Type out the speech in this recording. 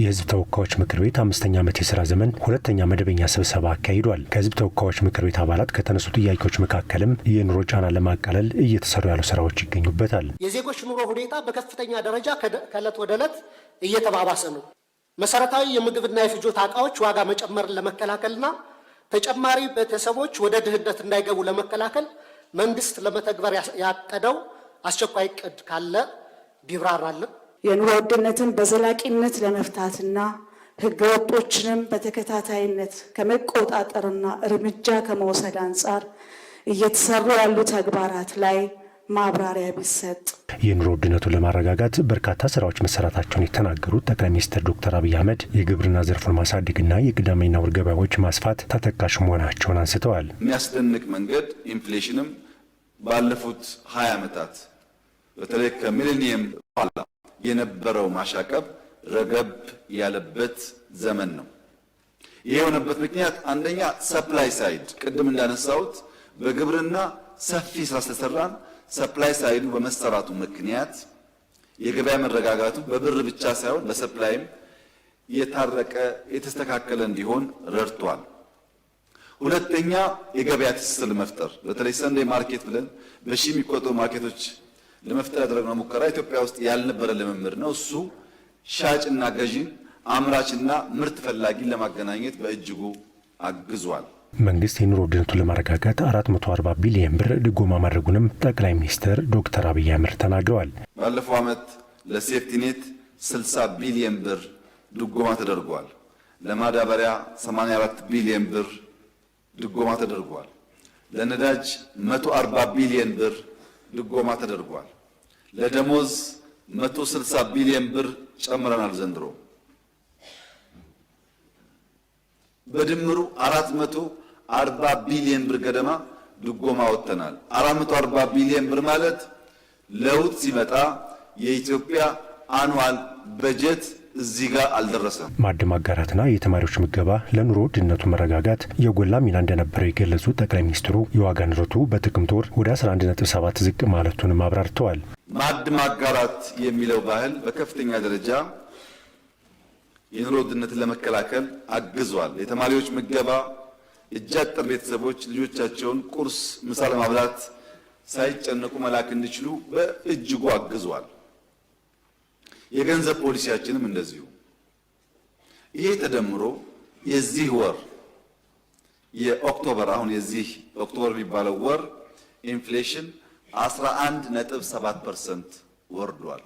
የህዝብ ተወካዮች ምክር ቤት አምስተኛ ዓመት የስራ ዘመን ሁለተኛ መደበኛ ስብሰባ አካሂዷል። ከህዝብ ተወካዮች ምክር ቤት አባላት ከተነሱ ጥያቄዎች መካከልም የኑሮ ጫና ለማቃለል እየተሰሩ ያሉ ስራዎች ይገኙበታል። የዜጎች ኑሮ ሁኔታ በከፍተኛ ደረጃ ከእለት ወደ እለት እየተባባሰ ነው። መሰረታዊ የምግብና የፍጆታ እቃዎች ዋጋ መጨመርን ለመከላከልና ተጨማሪ ቤተሰቦች ወደ ድህነት እንዳይገቡ ለመከላከል መንግስት ለመተግበር ያቀደው አስቸኳይ እቅድ ካለ ቢብራራልን። የኑሮ ውድነትን በዘላቂነት ለመፍታትና ህገ ወጦችንም በተከታታይነት ከመቆጣጠርና እርምጃ ከመውሰድ አንጻር እየተሰሩ ያሉ ተግባራት ላይ ማብራሪያ ቢሰጥ። የኑሮ ውድነቱን ለማረጋጋት በርካታ ስራዎች መሰራታቸውን የተናገሩት ጠቅላይ ሚኒስትር ዶክተር አብይ አህመድ የግብርና ዘርፉን ማሳደግና የቅዳሜና ውር ገበያዎች ማስፋት ተጠቃሽ መሆናቸውን አንስተዋል። የሚያስደንቅ መንገድ ኢንፍሌሽንም ባለፉት ሀያ ዓመታት በተለይ ከሚሊኒየም በኋላ የነበረው ማሻቀብ ረገብ ያለበት ዘመን ነው። ይህ የሆነበት ምክንያት አንደኛ ሰፕላይ ሳይድ ቅድም እንዳነሳሁት በግብርና ሰፊ ስራ ስለሰራን ሰፕላይ ሳይዱ በመሰራቱ ምክንያት የገበያ መረጋጋቱ በብር ብቻ ሳይሆን በሰፕላይም የታረቀ የተስተካከለ እንዲሆን ረድቷል። ሁለተኛ የገበያ ትስስር መፍጠር በተለይ ሰንዴ ማርኬት ብለን በሺ የሚቆጠሩ ማርኬቶች ለመፍጠር ያደረግነው ሙከራ ኢትዮጵያ ውስጥ ያልነበረ ልምምድ ነው። እሱ ሻጭና ገዢ አምራችና ምርት ፈላጊን ለማገናኘት በእጅጉ አግዟል። መንግስት የኑሮ ውድነቱን ለማረጋጋት 440 ቢሊየን ብር ድጎማ ማድረጉንም ጠቅላይ ሚኒስትር ዶክተር አብይ አህመድ ተናግረዋል። ባለፈው ዓመት ለሴፍቲኔት 60 ቢሊየን ብር ድጎማ ተደርጓል። ለማዳበሪያ 84 ቢሊየን ብር ድጎማ ተደርጓል። ለነዳጅ 140 ቢሊየን ብር ድጎማ ተደርጓል። ለደሞዝ 160 ቢሊዮን ብር ጨምረናል ዘንድሮ በድምሩ 440 ቢሊዮን ብር ገደማ ድጎማ ወጥተናል። 440 ቢሊዮን ብር ማለት ለውጥ ሲመጣ የኢትዮጵያ አኑዋል በጀት እዚህ ጋር አልደረሰም። ማዕድ ማጋራትና የተማሪዎች ምገባ ለኑሮ ውድነቱ መረጋጋት የጎላ ሚና እንደነበረው የገለጹት ጠቅላይ ሚኒስትሩ የዋጋ ንረቱ በጥቅምት ወር ወደ 11.7 ዝቅ ማለቱንም አብራርተዋል። ማዕድ ማጋራት የሚለው ባህል በከፍተኛ ደረጃ የኑሮ ድነትን ለመከላከል አግዟል። የተማሪዎች ምገባ እጅ አጠር ቤተሰቦች ልጆቻቸውን ቁርስ፣ ምሳ ለማብላት ሳይጨነቁ መላክ እንዲችሉ በእጅጉ አግዟል። የገንዘብ ፖሊሲያችንም እንደዚሁ። ይሄ ተደምሮ የዚህ ወር የኦክቶበር አሁን የዚህ ኦክቶበር የሚባለው ወር ኢንፍሌሽን 11 7 ወርዷል።